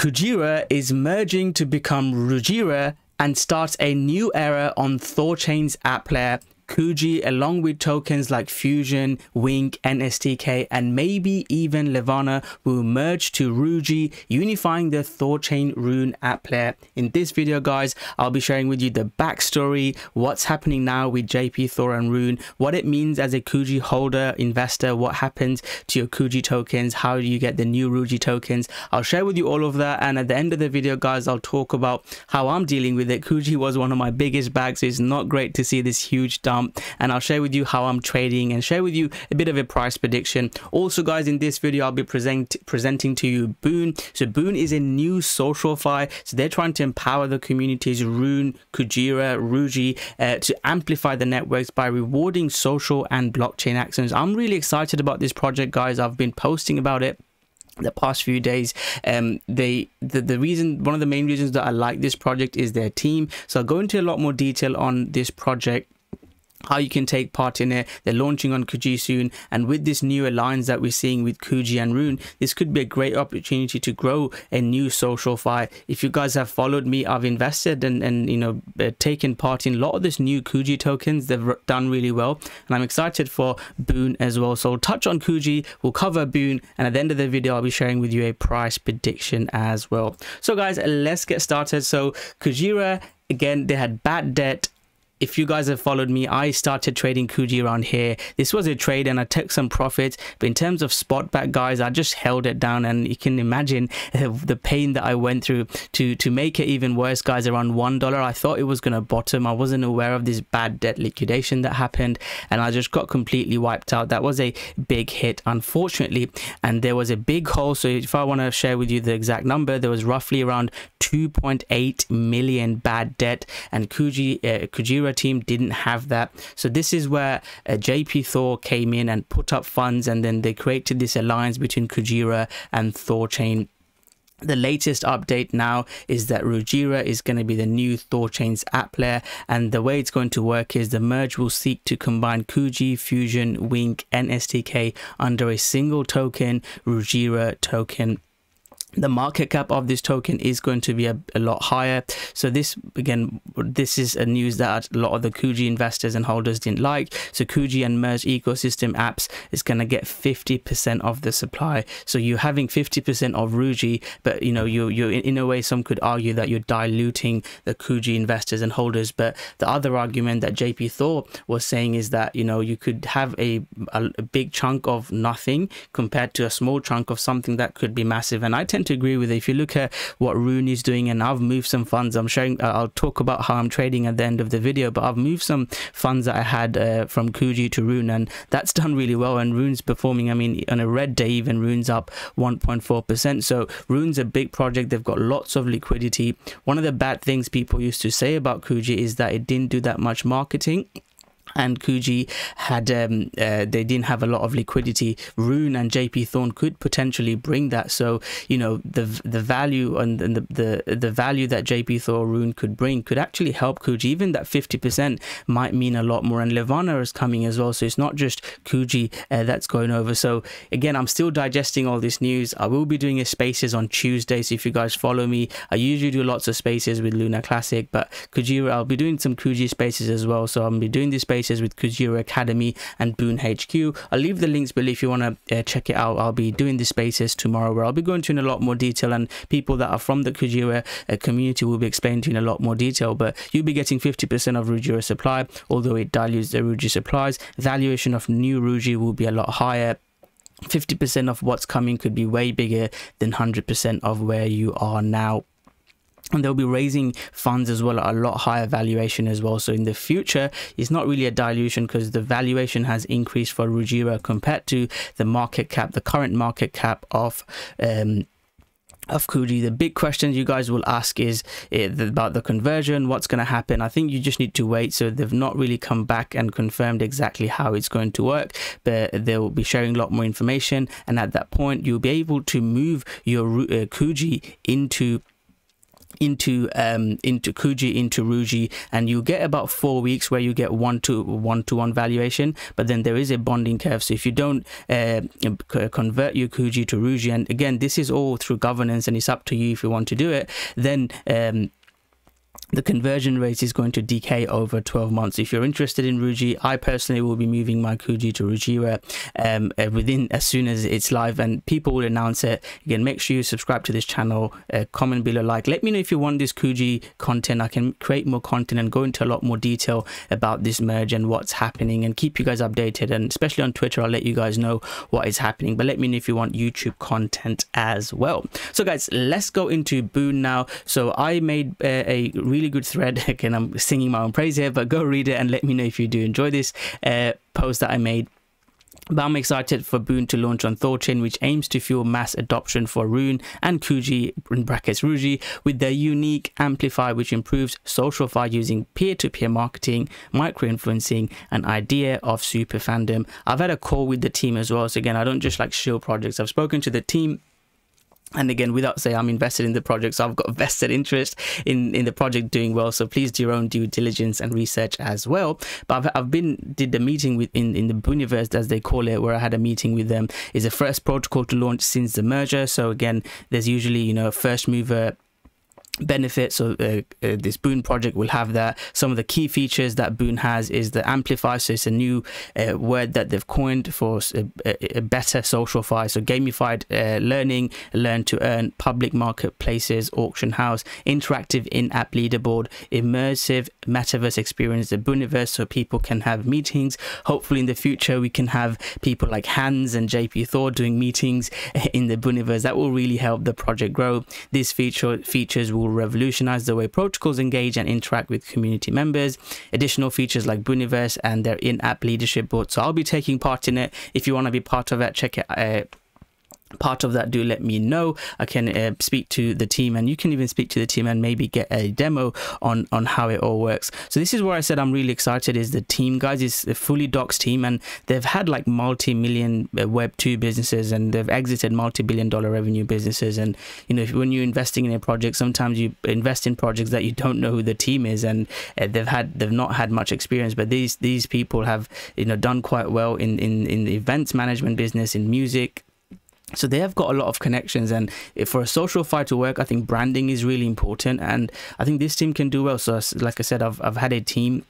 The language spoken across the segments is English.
Kujira is merging to become Rujira and starts a new era on Thorchain's app layer Kuji along with tokens like Fusion, Wink, NSTK and maybe even Levana will merge to Ruji unifying the Thorchain rune app layer. In this video guys I'll be sharing with you the backstory, what's happening now with JP Thor and Rune, what it means as a Kuji holder, investor, what happens to your Kuji tokens, how do you get the new Ruji tokens. I'll share with you all of that and at the end of the video guys I'll talk about how I'm dealing with it. Kuji was one of my biggest bags. It's not great to see this huge down and I'll share with you how I'm trading and share with you a bit of a price prediction. Also guys, in this video, I'll be present presenting to you Boon. So Boon is a new social file. So they're trying to empower the communities Rune, Kujira, Ruji uh, to amplify the networks by rewarding social and blockchain actions. I'm really excited about this project guys. I've been posting about it the past few days um they the, the reason one of the main reasons that i like this project is their team so i'll go into a lot more detail on this project how you can take part in it. They're launching on Kuji soon. And with this new alliance that we're seeing with Kuji and Rune, this could be a great opportunity to grow a new social fire. If you guys have followed me, I've invested and, and you know, uh, taken part in a lot of this new Kuji tokens. They've done really well. And I'm excited for Boon as well. So we'll touch on Kuji, we'll cover Boon. And at the end of the video, I'll be sharing with you a price prediction as well. So guys, let's get started. So Kujira, again, they had bad debt if you guys have followed me, I started trading Kuji around here. This was a trade and I took some profits. But in terms of spot back, guys, I just held it down. And you can imagine the pain that I went through to, to make it even worse, guys, around $1. I thought it was going to bottom. I wasn't aware of this bad debt liquidation that happened. And I just got completely wiped out. That was a big hit, unfortunately. And there was a big hole. So if I want to share with you the exact number, there was roughly around 2.8 million bad debt. And Kuji, uh, Kujira team didn't have that. So this is where uh, JP Thor came in and put up funds and then they created this alliance between Kujira and Thor Chain the latest update now is that Rujira is going to be the new Thor Chain's app layer and the way it's going to work is the merge will seek to combine Kuji, Fusion, Wink and SDK under a single token, Rujira token the market cap of this token is going to be a, a, lot higher so this again this is a news that a lot of the kuji investors and holders didn't like so kuji and merge ecosystem apps is going to get 50% of the supply so you're having 50% of ruji but you know you you in a way some could argue that you're diluting the kuji investors and holders but the other argument that jp thor was saying is that you know you could have a, a, a big chunk of nothing compared to a small chunk of something that could be massive and i tend tend to agree with it. If you look at what Rooney's doing, and I've moved some funds, I'm showing, uh, I'll talk about how I'm trading at the end of the video, but I've moved some funds that I had uh, from Kuji to Rune, and that's done really well. And Rune's performing, I mean, on a red day, even Rune's up 1.4%. So Rune's a big project. They've got lots of liquidity. One of the bad things people used to say about Kuji is that it didn't do that much marketing and Kuji had um, uh, they didn't have a lot of liquidity. Rune and JP Thorn could potentially bring that. So you know the the value and, the, the the value that JP Thorn Rune could bring could actually help Kuji. Even that fifty percent might mean a lot more. And Levana is coming as well, so it's not just Kuji uh, that's going over. So again, I'm still digesting all this news. I will be doing a spaces on Tuesday. So if you guys follow me, I usually do lots of spaces with Luna Classic, but Kuji, I'll be doing some Kuji spaces as well. So I'll be doing this space with Kujira Academy and Boon HQ. I'll leave the links below if you want to uh, check it out. I'll be doing the spaces tomorrow where I'll be going to in a lot more detail and people that are from the Kujira uh, community will be explained to you in a lot more detail. But you'll be getting 50% of Rujira supply, although it dilutes the Ruji supplies. Valuation of new Ruji will be a lot higher 50% of what's coming could be way bigger than 100% of where you are now and they'll be raising funds as well at a lot higher valuation as well. So in the future, it's not really a dilution because the valuation has increased for Rujira compared to the market cap, the current market cap of um, of Coogee. The big question you guys will ask is eh, about the conversion, what's going to happen. I think you just need to wait. So they've not really come back and confirmed exactly how it's going to work, but they'll be sharing a lot more information. And at that point, you'll be able to move your uh, into into um, into Kuji into Ruji and you get about four weeks where you get one to one to one valuation but then there is a bonding curve so if you don't uh, convert your Kuji to Ruji and again this is all through governance and it's up to you if you want to do it then um, the conversion rate is going to decay over 12 months. If you're interested in Ruji, I personally will be moving my Kuji to Rujiwa um, uh, within as soon as it's live and people will announce it. Again, make sure you subscribe to this channel, uh, comment below, like. Let me know if you want this Kuji content. I can create more content and go into a lot more detail about this merge and what's happening and keep you guys updated. And especially on Twitter, I'll let you guys know what is happening. But let me know if you want YouTube content as well. So guys, let's go into Boon now. So I made uh, a really good thread. Again, I'm singing my own praise here, but go read it and let me know if you do enjoy this uh, post that I made. But I'm excited for Boon to launch on Thorchain, which aims to fuel mass adoption for Rune and Kuji in brackets Ruji with their unique amplifier, which improves Socialfy using peer-to-peer marketing, micro-influencing, and idea of super fandom. I've had a call with the team as well. So again, I don't just like show projects. I've spoken to the team and again without saying i'm invested in the project so i've got a vested interest in in the project doing well so please do your own due diligence and research as well but i've, I've been did the meeting with in, in the Booniverse as they call it where i had a meeting with them is the first protocol to launch since the merger so again there's usually you know a first mover benefits of uh, uh, this boon project will have that some of the key features that boon has is the amplify so it's a new uh, word that they've coined for a, a better socialify so gamified uh, learning learn to earn public marketplaces auction house interactive in-app leaderboard immersive metaverse experience the booniverse so people can have meetings hopefully in the future we can have people like hans and jp thor doing meetings in the booniverse that will really help the project grow these feature features will will revolutionize the way protocols engage and interact with community members. Additional features like Booniverse and their in-app leadership board. So I'll be taking part in it. If you want to be part of it, check it, uh, part of that do let me know i can uh, speak to the team and you can even speak to the team and maybe get a demo on on how it all works so this is where i said i'm really excited is the team guys is a fully docs team and they've had like multi-million uh, web 2 businesses and they've exited multi-billion dollar revenue businesses and you know when you're investing in a project sometimes you invest in projects that you don't know who the team is and uh, they've had they've not had much experience but these these people have you know done quite well in in in the events management business in music so they have got a lot of connections and for a social fire to work i think branding is really important and i think this team can do well so like i said i've, I've had a team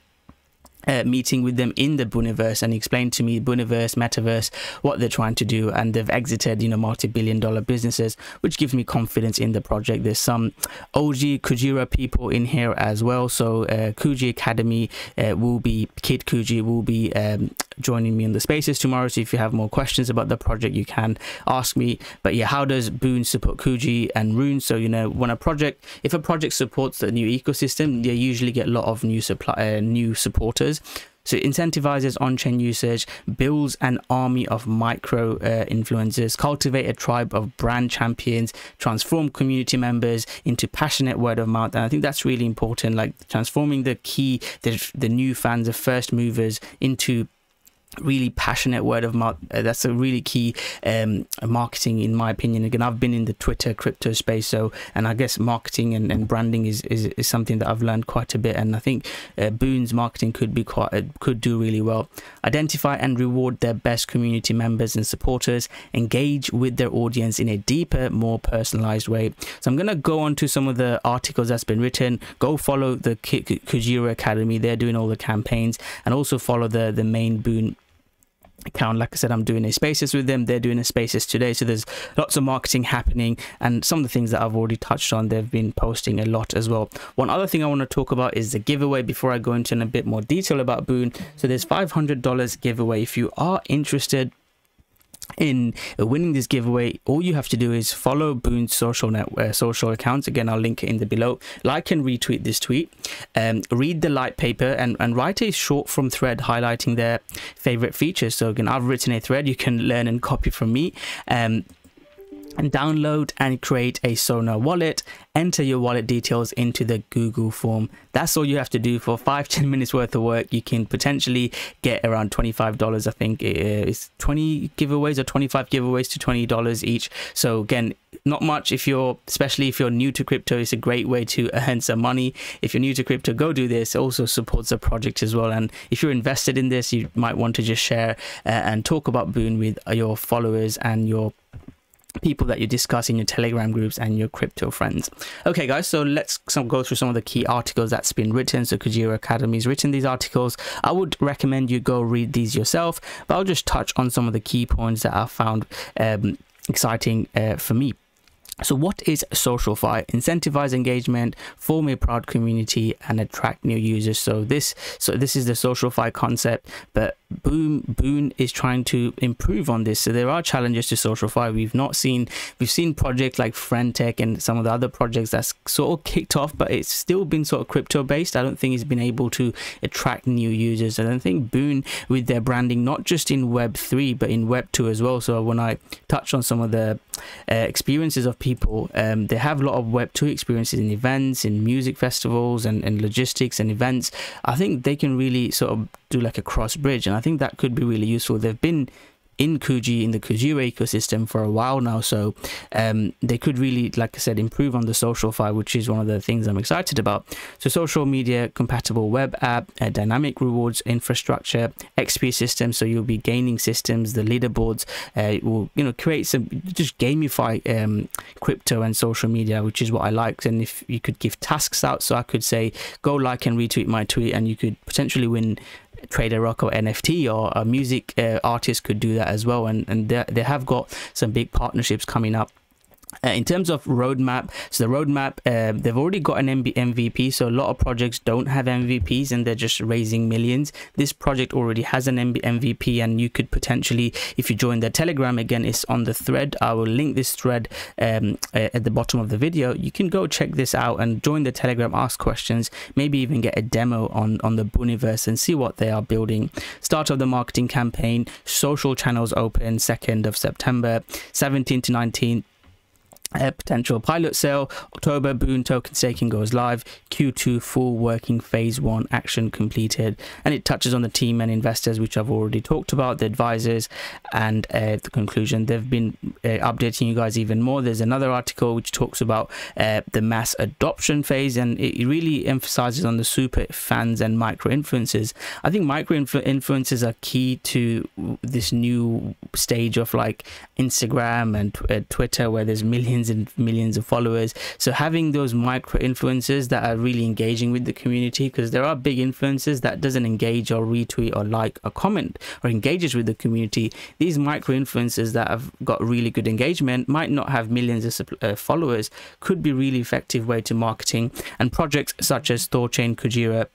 uh, meeting with them in the Buniverse and explained to me Buniverse, Metaverse, what they're trying to do, and they've exited you know multi-billion dollar businesses, which gives me confidence in the project. There's some OG Kujira people in here as well, so uh, Kuji Academy uh, will be Kid Kuji will be um, joining me in the spaces tomorrow. So if you have more questions about the project, you can ask me. But yeah, how does Boon support Kuji and Rune? So, you know, when a project, if a project supports the new ecosystem, they usually get a lot of new supply, uh, new supporters. So it incentivizes on-chain usage, builds an army of micro uh, influencers, cultivate a tribe of brand champions, transform community members into passionate word of mouth. And I think that's really important, like transforming the key, the, the new fans, the first movers into really passionate word of mouth. Uh, that's a really key um, marketing, in my opinion. Again, I've been in the Twitter crypto space, so and I guess marketing and, and branding is, is, is something that I've learned quite a bit. And I think uh, Boone's marketing could be quite uh, could do really well. Identify and reward their best community members and supporters. Engage with their audience in a deeper, more personalized way. So I'm gonna go on to some of the articles that's been written. Go follow the Kujira Academy; they're doing all the campaigns, and also follow the the main Boone account like i said i'm doing a spaces with them they're doing a spaces today so there's lots of marketing happening and some of the things that i've already touched on they've been posting a lot as well one other thing i want to talk about is the giveaway before i go into in a bit more detail about boon so there's 500 dollars giveaway if you are interested in winning this giveaway all you have to do is follow Boone's social network uh, social accounts again I'll link it in the below like and retweet this tweet um, read the light paper and, and write a short from thread highlighting their favorite features so again I've written a thread you can learn and copy from me um, and download and create a Sonar wallet, enter your wallet details into the Google form. That's all you have to do for five, 10 minutes worth of work. You can potentially get around $25. I think it's 20 giveaways or 25 giveaways to $20 each. So again, not much if you're, especially if you're new to crypto, it's a great way to earn some money. If you're new to crypto, go do this. It also supports the project as well. And if you're invested in this, you might want to just share uh, and talk about Boon with your followers and your people that you discuss in your telegram groups and your crypto friends okay guys so let's some, go through some of the key articles that's been written so kujira academy's written these articles i would recommend you go read these yourself but i'll just touch on some of the key points that i found um, exciting uh, for me so what is SocialFi? Incentivize engagement, form a proud community, and attract new users. So this, so this is the SocialFi concept, but Boom Boone is trying to improve on this. So there are challenges to Socialfy. We've not seen we've seen projects like Frentech and some of the other projects that's sort of kicked off, but it's still been sort of crypto based. I don't think he has been able to attract new users. And I think Boone with their branding, not just in Web three but in Web two as well. So when I touch on some of the uh, experiences of people, um, they have a lot of Web two experiences in events, in music festivals, and, and logistics and events. I think they can really sort of do like a cross bridge. And I think that could be really useful. They've been in Kuji in the Kujira ecosystem for a while now. So um, they could really, like I said, improve on the social file, which is one of the things I'm excited about. So social media, compatible web app, uh, dynamic rewards infrastructure, XP system. So you'll be gaining systems, the leaderboards uh, will, you know, create some, just gamify um, crypto and social media, which is what I like. And if you could give tasks out, so I could say, go like and retweet my tweet and you could potentially win trade a or NFT or a music uh, artist could do that as well. And and they have got some big partnerships coming up uh, in terms of roadmap, so the roadmap, uh, they've already got an MB MVP. So a lot of projects don't have MVPs and they're just raising millions. This project already has an MB MVP and you could potentially, if you join their Telegram, again, it's on the thread. I will link this thread um, uh, at the bottom of the video. You can go check this out and join the Telegram, ask questions, maybe even get a demo on, on the Booniverse and see what they are building. Start of the marketing campaign, social channels open 2nd of September, 17 to 19, uh, potential pilot sale, October boon token staking goes live, Q2 full working phase one action completed, and it touches on the team and investors, which I've already talked about, the advisors, and uh, the conclusion. They've been uh, updating you guys even more. There's another article which talks about uh, the mass adoption phase, and it really emphasizes on the super fans and micro influencers. I think micro influencers are key to this new stage of like Instagram and uh, Twitter, where there's millions millions and millions of followers. So having those micro influencers that are really engaging with the community, because there are big influencers that doesn't engage or retweet or like or comment or engages with the community. These micro influencers that have got really good engagement might not have millions of uh, followers, could be really effective way to marketing. And projects such as Thorchain, Kujira,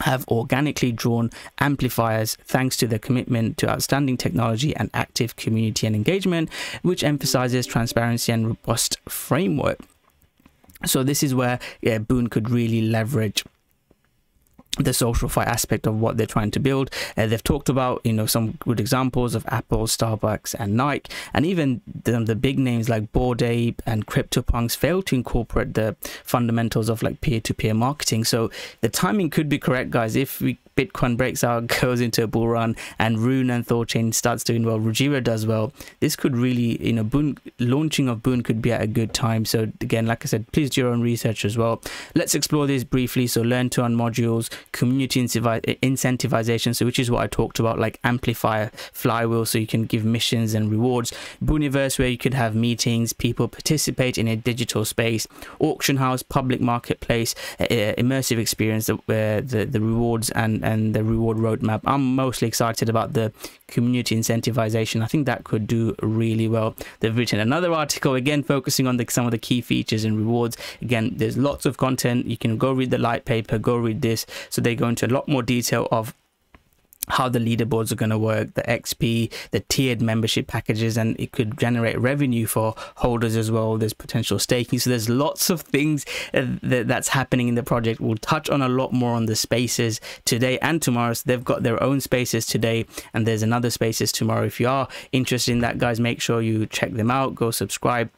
have organically drawn amplifiers thanks to their commitment to outstanding technology and active community and engagement, which emphasizes transparency and robust framework. So this is where yeah, Boone could really leverage the social fight aspect of what they're trying to build. Uh, they've talked about, you know, some good examples of Apple, Starbucks, and Nike, and even the, the big names like Bored Ape and CryptoPunks failed to incorporate the fundamentals of like peer to -peer marketing. So the timing could be correct, guys. If we Bitcoin breaks out, goes into a bull run, and Rune and Thorchain starts doing well, Rujira does well, this could really, you know, Boon, launching of Boon could be at a good time. So again, like I said, please do your own research as well. Let's explore this briefly. So learn to earn modules, community incentivization, so which is what I talked about, like amplifier, flywheel, so you can give missions and rewards. Booniverse, where you could have meetings, people participate in a digital space, auction house, public marketplace, uh, immersive experience, where uh, the, the rewards and and the reward roadmap. I'm mostly excited about the community incentivization. I think that could do really well. They've written another article, again, focusing on the, some of the key features and rewards. Again, there's lots of content. You can go read the light paper, go read this. So they go into a lot more detail of how the leaderboards are going to work, the XP, the tiered membership packages, and it could generate revenue for holders as well. There's potential staking. So there's lots of things uh, that, that's happening in the project. We'll touch on a lot more on the spaces today and tomorrow. So they've got their own spaces today, and there's another spaces tomorrow. If you are interested in that, guys, make sure you check them out. Go subscribe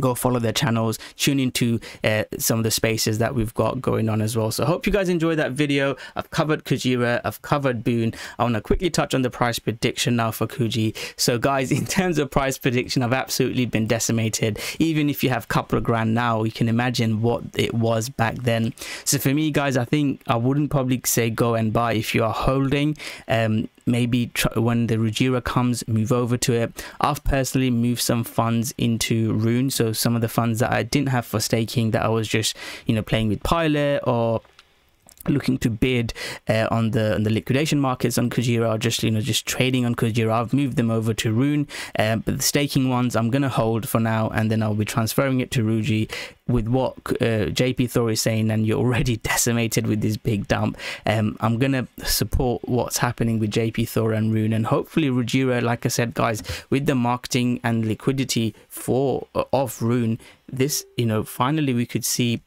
go follow their channels tune into uh, some of the spaces that we've got going on as well so i hope you guys enjoyed that video i've covered kujira i've covered boon i want to quickly touch on the price prediction now for kuji so guys in terms of price prediction i've absolutely been decimated even if you have a couple of grand now you can imagine what it was back then so for me guys i think i wouldn't probably say go and buy if you are holding um maybe try, when the Rugira comes, move over to it. I've personally moved some funds into Rune, so some of the funds that I didn't have for staking that I was just, you know, playing with Pilot or looking to bid uh, on the on the liquidation markets on Kujira or just you know just trading on Kujira. I've moved them over to Rune, uh, but the staking ones I'm gonna hold for now, and then I'll be transferring it to Ruji. With what uh, JP Thor is saying, and you're already decimated with this big dump. Um, I'm gonna support what's happening with JP Thor and Rune, and hopefully Rujira. Like I said, guys, with the marketing and liquidity for of Rune, this you know finally we could see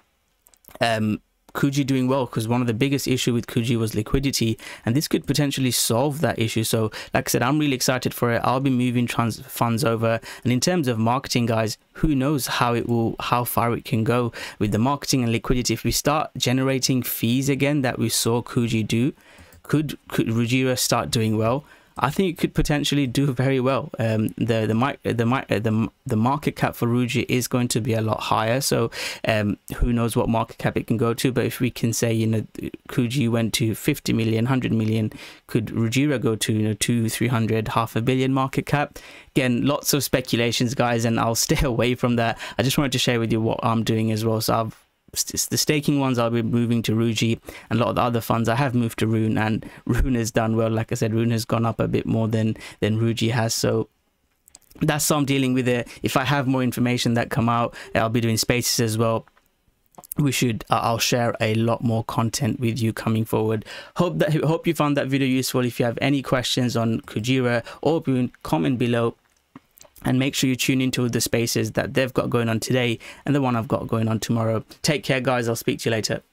um, Kuji doing well because one of the biggest issue with Kuji was liquidity and this could potentially solve that issue. So like I said, I'm really excited for it. I'll be moving trans funds over and in terms of marketing guys, who knows how it will, how far it can go with the marketing and liquidity. If we start generating fees again that we saw Kuji do, could, could Rujira start doing well? I think it could potentially do very well. Um, the the the uh, the the market cap for Ruji is going to be a lot higher. So um, who knows what market cap it can go to? But if we can say you know Kuji went to 50 million, 100 million, could Rujira go to you know two, three hundred, half a billion market cap? Again, lots of speculations, guys, and I'll stay away from that. I just wanted to share with you what I'm doing as well. So I've the staking ones I'll be moving to Ruji, and a lot of the other funds I have moved to Rune, and Rune has done well. Like I said, Rune has gone up a bit more than than Ruji has, so that's how I'm dealing with it. If I have more information that come out, I'll be doing spaces as well we should uh, i'll share a lot more content with you coming forward hope that hope you found that video useful if you have any questions on kujira or boon comment below and make sure you tune into the spaces that they've got going on today and the one I've got going on tomorrow. Take care, guys. I'll speak to you later.